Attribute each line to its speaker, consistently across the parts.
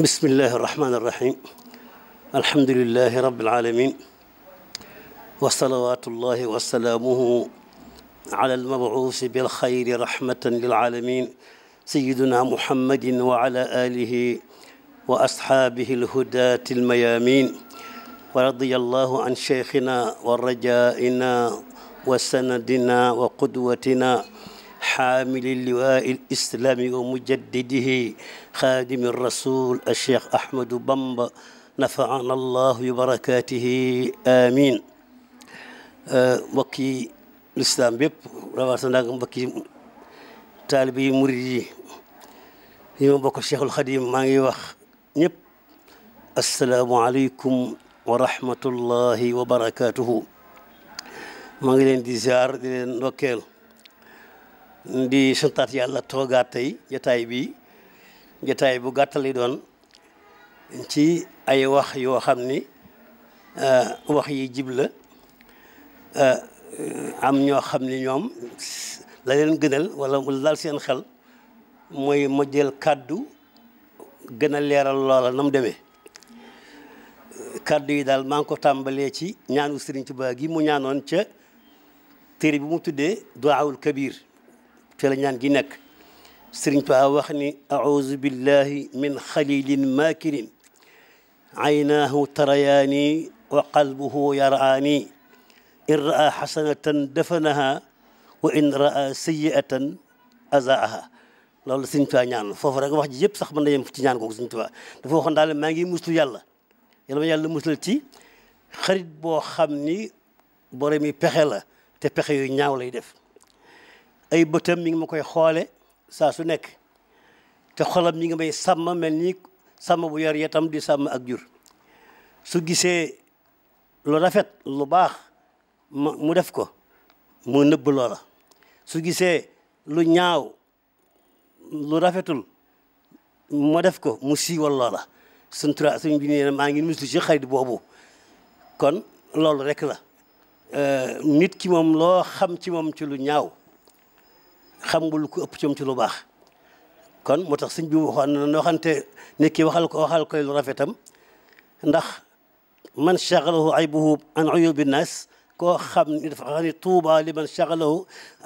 Speaker 1: بسم الله الرحمن الرحيم الحمد لله رب العالمين وصلوات الله وسلامه على المبعوث بالخير رحمة للعالمين سيدنا محمد وعلى آله وأصحابه الهداة الميامين ورضي الله عن شيخنا ورجائنا وسندنا وقدوتنا حامل اللواء الإسلامي ومجدده خادم الرسول الشيخ أحمد بمب نفعنا الله ببركاته آمين mbokki lislaam bépp rawatina nag mbokki taalibe yi murid yi yi ma bokk Cheikhul Xadim maa ngi wax ñëpp asalaamualeykum wa rahmatullahi wa barakaatuhu maa ngi leen di ziar di leen ndokkeel di santaat yàlla toogaat tey jataay bi jataay bu gàttali doon ci ay wax yoo xam ni eh, wax yi jib la eh, am ñoo xam ni ñoom la leen gënal wala mu laal seen xel mooy ma jël kàddu gën a leeral loola na mu demee kàddu yi daal maa ngi ko tàmbalee ci ñaanu Sëriñ Tuubaa gi mu ñaanoon ca téere bi mu tuddee duwaawul kabir fi ñaan gi nekk sëriñ Tuubaa wax ni auzu billahi min xalilin maakirin aynaahu tarayaani wa qalbuhu yaraani in raa xasanatan dafanaha wa in raa sayiatan azaaha loolu sëriñ Tuubaa ñaan foofu rek wax ji yëpp sax man na yem ci ñaan googu sëriñ Tuubaa dafa waxoon daal maa ngi muslu yàlla yàlla ma yàlla musal ci xarit boo xam ni boromi pexe la te pexe yooyu ñaaw lay def ay bëtam mi ngi ma koy xoole saa su nekk te xolam mi ngi may sàmm mel nii sàmm bu yor tam di sàmm ak jur su gisee lu rafet lu baax mu def ko mu nëbb loola su gisee lu ñaaw lu rafetul mu def ko mu siiwal loola suñ tura suñ bi nee maa ngi muslu ci xarit boobu kon loolu rek la nit ki moom loo xam ci moom ci lu ñaaw xam ngul ko ëpp coom ci lu baax kon moo tax sëñ bi waxoon na waxal ko waxal koy lu rafetam ndax man shagalahu aybuhu an uyubi nnaas koo xam ni dafa xam ni li man shagalahu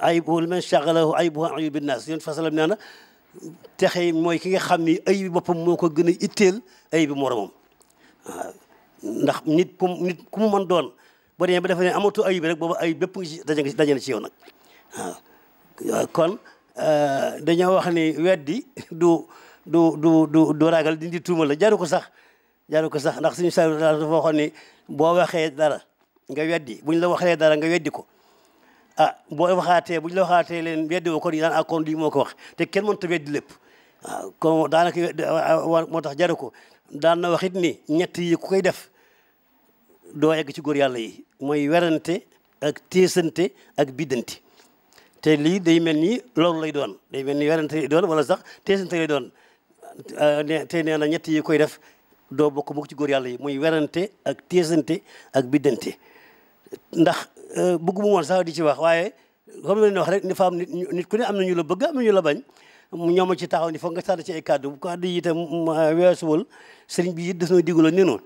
Speaker 1: aybuhu li man shagalahu aybuhu an uyubi nnaas yoon fasalam nee texe mooy ki nga xam ni ay bi boppam moo ko gën a itteel ay moromam ndax nit ku nit mu mën doon boo demee ba defe ne amatu ayib rek boobu ayib bépp daje na ci yow nag waaw kon euh, dañoo wax ni weddi du du du du du ragal dindi tuuma la jaru ko sax jaru ko sax ndax suñu sa dafa ni boo waxee dara nga weddi buñ la waxee dara nga weddi ko ah boo waxaatee buñ la waxaatee leen weddi ko ah, kon daan akoon lii moo ko wax te kenn mënut a weddi lépp waaw ah, kon daanaka ah, moo tax jaru ko daan na wax it ni ñett yi ku koy def doo egg ci góor yàlla yi mooy werante ak téesante ak biddante te lii day mel ni loolu lay doon day mel ni werante lay doon wala sax teesante lay doon euh, te nee na ñett yi koy def doo bokk mukk ci góor yàlla yi muy werante ak teesante ak biddante ndax euh, bëgg mu woon sax di ci wax waaye comme leen wax rek nit ku ne am na ñu la bëgg am na ñu la bañ ñoom ci taxaw ni foog nga sànni ci ay kàddu bu kàddu yi itam euh, weesuwul sëriñ bi it daf noo digaloon ni noonu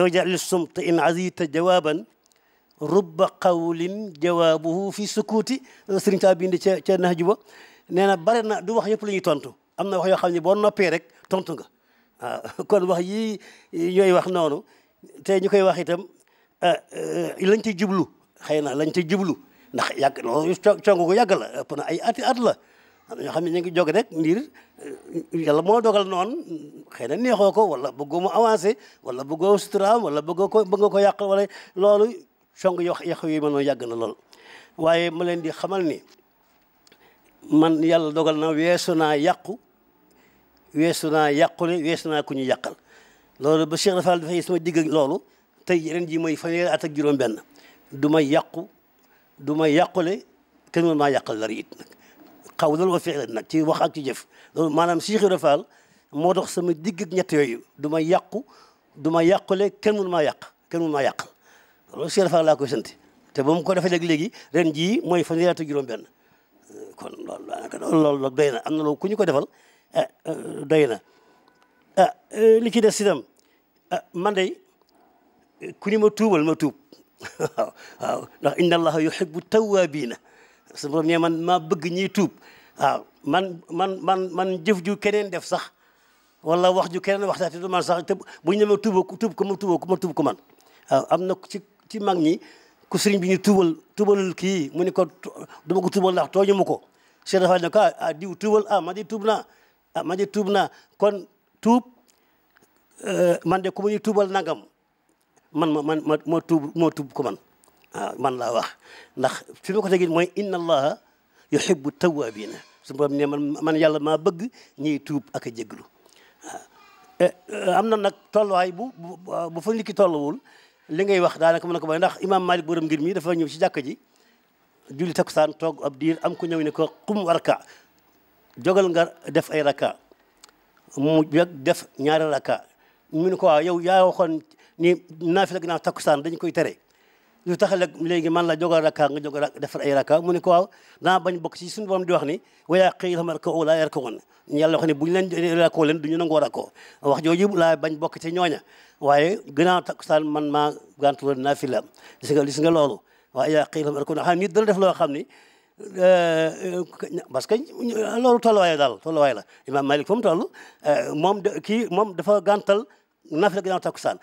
Speaker 1: rojalisum te in azita jawaban rubba qawlin jawaabuhu fi sukuuti euh, sëriñ taa bindi ca ca nax juba nee na bare na du wax yëpp la ñuy tontu am na wax yoo xam ne boo noppee rek tontu nga waaw kon wax yii ñooy wax noonu te ñu koy wax itam euh, euh, lañ ci jublu xëy na lañ ci jublu ndax yàgg loolu congu ko yàgg la ëpp na ay ati at la ñoo xam ne ñu ngi jog rek ndiir yàlla moo dogal noonu xëy na neexoo ko wala bëggoo avancé wala bëggoo suturaam wala bëggoo ko bëgg loolu song yox yàq yi mënoon yàgg na lool waaye ma leen di xamal ni man yàlla dogal na weesu naa yàqu weesu naa yàqule weesu naa ku ñu yàqal loolu ba Cheikh Rafal dafay sama digg loolu tey ren ji mooy fanweeri at ak juróom benn du may yàqu du may yàqule kenn mën maa yàqal dara it nag xaw nag ci wax ak jëf maanaam Cheikh Rafal moo dox sama digg ñett yooyu du may yàqu du ma yàqule kenn mën maa yàq kenn mën maa loolu Cheikh Fall laa koy sant te ba mu ko defee léegi ren jii mooy fanweer ak juróom-benn kon loolu daanaka loolu na am na loolu ku ñu ko defal ah doy na ah eh, li ci des itam ah, man de ku ni ma tuubal ma tuub waaw waaw ndax inna allaha yuhibbu tawwaabiina su borom ne man maa bëgg ñiy tuub a man man man man jëf ju keneen def sax wala wax ju keneen waxtaati du man sax ma tuuba tuub ko tuuba ko tuub ko man am na ci ci mag ñi ku bi ñu tuubal tuubalul kii mu ni ko duma ko tuubal ndax tooñu ma ko Cheikh dafa ko ah, ah diw tuubal ah man di tuub naa ah, tuub naa kon tuub eh, man de ku ma ñu tuubal nagam man ma man ma moo ko man waaw ah, man laa wax ndax fi ma ko tegit mooy inna allaha yuhibbu tawwabina su borom ne man yàlla maa bëgg ñiy tuub ak jéglu eh, eh, am na nag tolluwaay bu bu fa nit ki tolluwul li ngay wax daanaka mën na ko ba ndax imam malik borom ngir mi dafa ñëw ci jàkka ji julli takkusaan toog ab diir am ku ñëw ne ko xum warka jogal nga def ay rakka mu jóg def ñaari rakka mu ne ko waaw yow yaa waxoon ni naafila ginnaaw takkusaan dañ koy tere lu tax la léegi man la jógal rakka nga jógal defar ay rakka mu ne ko waaw naa bañ bokk ci suñu borom di wax ni wayaa qiila irka'uu laa yarka'uun yàlla wax ne bu ñu leen rakkoo leen du ñu nangoo rakkoo wax jooju laa bañ bokk ci ñooña waaye gannaaw takkusaan man maa gàntuloon naa fi la gis nga gis nga loolu waaye yaa qiila irka'uu xam nit dana def loo xam ni euh, parce que loolu tolluwaay daal tolluwaay la imaam Malik fa mu toll euh, moom kii moom dafa gàntal naafila gannaaw takkusaan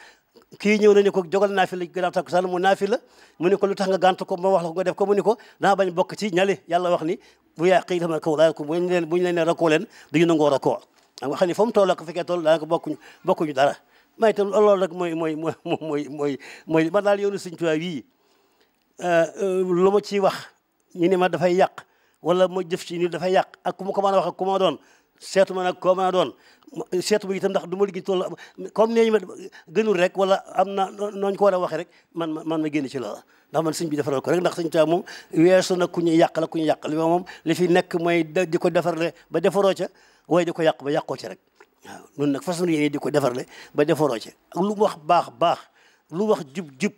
Speaker 1: kii ñëw na ne ko jogal naa fi la gannaaw takkusaan mu naa fi la mu ne ko lu nga gànt ko ma wax la ko nga def ko mu ne ko ci ñale yàlla wax ni bu yaa xëy xam ne kaw daal ko bu ñu leen bu ñu leen ne rakkoo leen duñu nangoo rakkoo nga xam ne fa mu toll ak fekkee toll daanaka bokkuñu bokkuñu dara may itam loolu rek mooy mooy mooy mooy mooy mooy man daal yoonu Sëñ Tuubaa yii euh, lu ma ciy wax ñu ne ma dafay yàq wala ma jëf ci ni dafay yàq ak ku ma ko mën a wax ak ku ma doon seetu ma nag koo mën a doon seet ma itam ndax du ma liggéey toll comme nee ñu ma gënul rek wala am na nooñu ko war a waxee rek man ma ma génn ci loola ndax man sëñ bi defaral ko rek ndax sëñ ta moom weesu na ku ñuy yàq ku ñuy yàq li moom li fi nekk mooy di ko defarle ba defaroo ca waaye di ko yàq ba yàqoo ca rek waaw nun nag façon yéene di ko defarle ba defaroo ca lu wax baax baax lu wax jub jub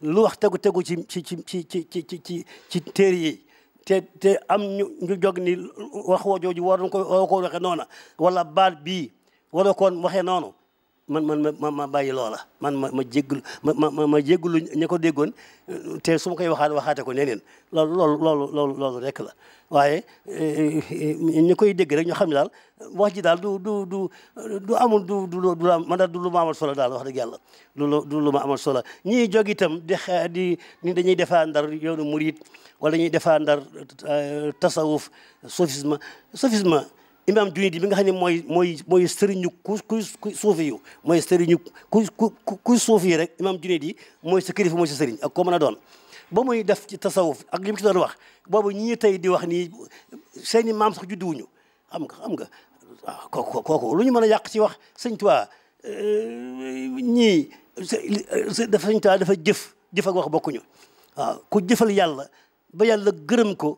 Speaker 1: lu wax tegu tegu ci ci ci ci ci ci ci téere yi te te am ñu ñu jóg ni wax woo jooju waroon ko waroon ko waxee noona wala baal bii waroon koon waxee noonu man man ma ma bàyyi loola man ma ma jéggul ma ma ma jéggulu ña ko déggoon te su ma koy waxaat waxaate ko neneen loolu loolu loolu loolu loolu rek la waaye eh, eh, ñu koy dégg rek ñu xam ne daal wax ji daal du du du du amul du du du man daal du lu ma amal solo daal wax dëgg yàlla du lu du lu ma amal solo ñii jóg itam di di ni dañuy defaa ndar yoonu murit wala ñuy defaa ndar eh, tasawuf sophisme sophisme imaam Junaydi bi nga xam ne mooy mooy mooy sëriñu ku kuy suufi yu mooy sëriñu ku ku kuy suufi yi rek imaam di mooy sa kilifa mooy sa sëriñ ak koo mën doon ba muy def ci tasawuf ak li mu ci doon wax boobu ñi tey di wax nii seeni maam sax judduwuñu xam nga xam nga waaw kooku kooku lu ñu mën a yàq ci wax sëñ Tuubaa euh, ñii dafa sëñ Tuubaa dafa jëf jëf bokkuñu waaw ku jëfal yàlla ba yàlla gërëm ko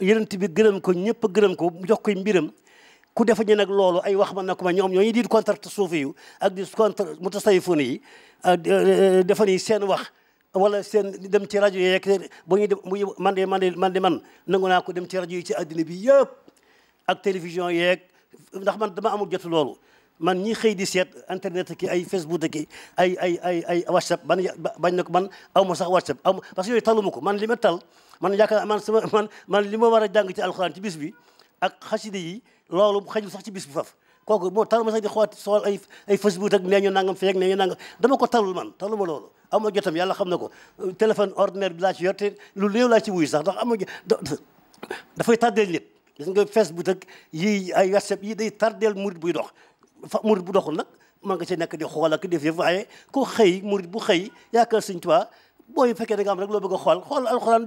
Speaker 1: yonent bi gërëm ko ñëpp gërëm ko jox mbiram ku defañu nag loolu ay wax man na ko ma ñoom ñooñu di contre suufi yu ak di contre mutasawifun yi eh, eh, dafa ni seen wax wala seen dem ci rajo yeeg bu ñuy dem buñu man de man de man de man nangu ko dem ci rajo yi ci àddina bi yëpp ak télévision yeeg ndax man dama amul jot loolu man ñi xëy di seet internet ki ay facebook ki ay ay ay ay whatsapp ban bañ na ko man aw ma sax whatsapp aw parce que yooyu ko man li tal man yaakaar man sama man man li ma war a jàng ci alxuraan ci bis bi ak xasida loolu xajul sax ci bis bu faf kooku boo tal ma sax di xool sool ay ay facebook ak nee ñu loolu ama jotam yàlla xam na ko téléphone ordinaire bi laa ci yorte lu néew laa ci wuy dafay tardeel nit gis nga facebook ak yi ay whatsapp yi day tardeel murit buy dox fa murit bu doxul nag maa nga ci nekk di xool ak def yëf waaye xëy murit bu xëy yaakaar Sëñ Tuubaa booy fekkee da am rek loo bëgg xool xool alxuraan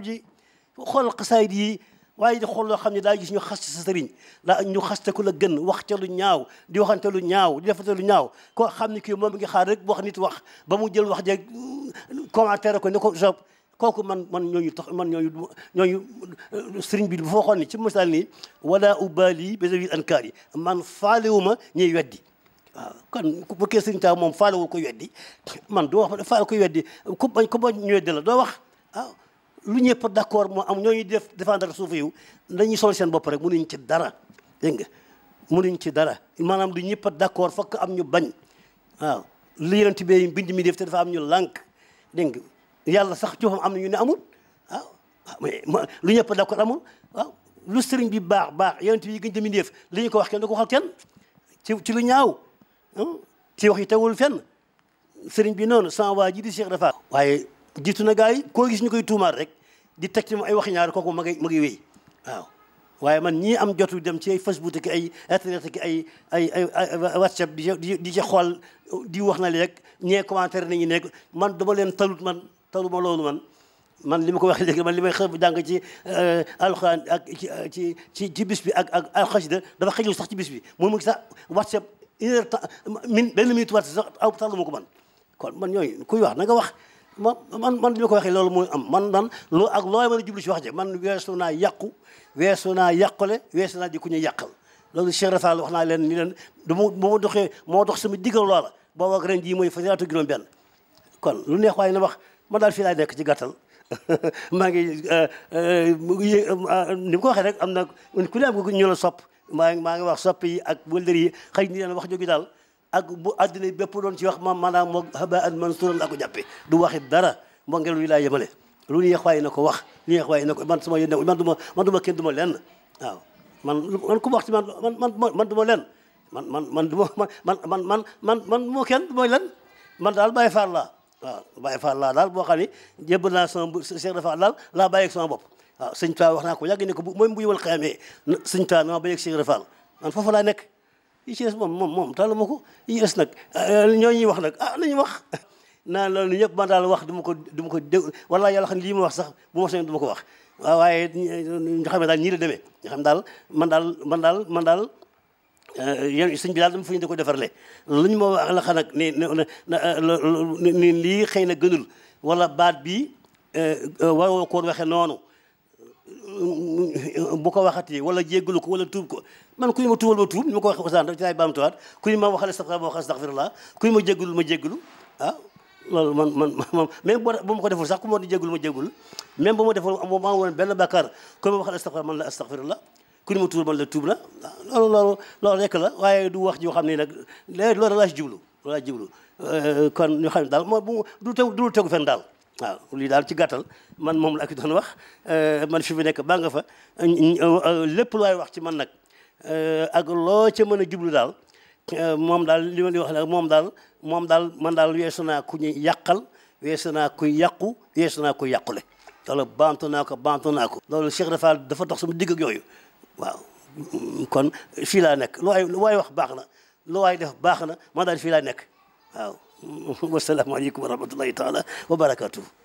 Speaker 1: yi waaye di xool loo xam ne daa gis ñu xas sa sëriñ daa ñu xaste ku la gën wax ca lu ñaaw di waxante lu ñaaw di defante lu ñaaw koo xam ne kii moom ngi xaar rek bu wax nit wax ba mu jël wax jeeg mm, commentaire ko ne ko job kooku man man ñooñu tax man ñooñu ñooñu euh, sëriñ bi bu foo xoon ni ci misaal nii wala ubali bésawi ankaar yi man faalewuma ñuy weddi waaw kon bu kee sëriñ taa moom faalewu ko weddi man doo wax faale ko weddi ku bañ ku bañ ñu weddi la doo wax lu ñëpp d'accord moo am ñooñu def défendre suuf yu dañuy sol seen bopp rek mënuñ ci dara dégg nga mënuñ ci dara maanaam du ñëpp d'accord fokk am ñu bañ waaw li yonent bi bind mi def te dafa am ñu lànk dégg nga yàlla sax ci am na ñu ne amul waaw waaw lu ñëpp d'accord amul waaw lu sëriñ bi baax baax yonent bi gën jëmi def li ñu ko wax kenn du ko waxal kenn ci ci lu ñaaw ci wax yi tegul fenn sëriñ bi noonu sans waa ji di Cheikh dafa waaye jiitu na gars yi koo gis ñu koy tuumaal rek di teg ci ay waxi ñaar kooku ma ngi ma ngi wéy waaw waaye man ñii am jotu dem ci ay Facebook ak ay internet ak ay ay ay WhatsApp di di ci xool di wax na li rek ñee commentaire nañu nekk man dama leen talut man taluma loolu man man li ma ko waxee léegi man li may xëy jàng ci euh, alxuraan ak ci ci ci bi ak ak alxasida dafa xëjul sax ci bis bi moom mu ngi sax WhatsApp une heure temps min benn minute WhatsApp sax aw taluma ko man kon man ñooyu kuy wax na nga wax man man man bi ma ko waxee loolu mooy am man man ak looy mën a jublu ci wax ja man weesu naa yàqu weesu naa yàqule weesu naa di ku ñu yàqal loolu Cheikh Rafal wax naa leen ni leen du ma bu doxee moo dox sama diggal loola boo ak ren jii mooy fasilaatu juróom benn kon lu neex waaye na wax man daal fii laay nekk ci gàttal maa ngi eh, eh, eh, ni mu ko waxee rek am na ku ne am nga ñu la sopp maa ngi maa ngi wax sopp yi ak wëldër yi xëy ni leen wax jógi daal a bu àddina bépp doon ci wax ma maanaam moo haba an mansuran laa ko jàppe du waxi dara moo ngel luy laa yemale lu neex waaye na ko wax lu waaye na ko man sama yéen man du ma man du ma kenn du ma lenn waaw man man ma wax ci man ma man man man du ma man man man man man moo kenn du ma man daal ba faar laa waaw bàyyi faar laa daal boo xam ne jébb naa sama Cheikh dafa laa bàyyi ak sama bopp waaw sëñ Tuubaa wax naa ko yàgg ne ko bu mooy bu yëwal xayamee sëñ Tuubaa na ma bàyyi ak Cheikh Rafal man foofu laa nekk yi ci des moom moom moom ma ko yi ci des nag euh, ñooñuy wax nag ah nañu wax naa loolu ñëpp man daal wax du ma ko duma ko dégg wala yàlla xam ne lii ma wax sax bu ma soñoon ko wax waaw waaye ñu xam ne daal ñii la demee ñu xam daal man daal man daal man daal euh, yéen sëñ bi daal dama da ko defarle lu ñu ma wax la xam nag lii xëy na gënul walla baat bi euh, waroo koon waxee noonu bu ko waxatee wala jéggalu ko wala tuub ko man kuy ma tuubal ma tuub ni ma ko waxee a daf ci laay baamtuwaat kuy ma waxal astaxfirullah ma wax astaxfirullah kuy ma jéggalu ma jéggalu ah loolu man man moom même bu ma ko deful sax ku ma di jéggul ma jéggul même bu ma deful ma ma woon benn bàkkaar ku ma waxal astaxfirullah man la astaxfirullah ku ni ma tuubal man la tuub la loolu loolu loolu la waaye du wax joo xam ne nag loolu laa ci jublu loolu laa ci jublu euh, kon ñu xam ne daal moo bu du tegu du tegu fenn daal waaw lii daal ci gàttal man moom la ak doon wax euh, man fi mu nekk baa nga fa euh, lépp looy wax ci man nag euh, ak loo ca mën a jublu daal moom daal li ma di wax nag moom daal moom daal man daal weesu naa ku ñuy yàqal weesu naa kuy yàqu weesu naa kuy yàqule loolu baamtu naa ko baamtu naa ko loolu Cheikh dafa dafa dox sama digg yooyu waaw kon fii laa nekk lu waay lu waay wax baax na lu waay def baax na man daal fii laa nekk waaw wasalaamaaleykum wa rahmatullahi taala wa barakatuhu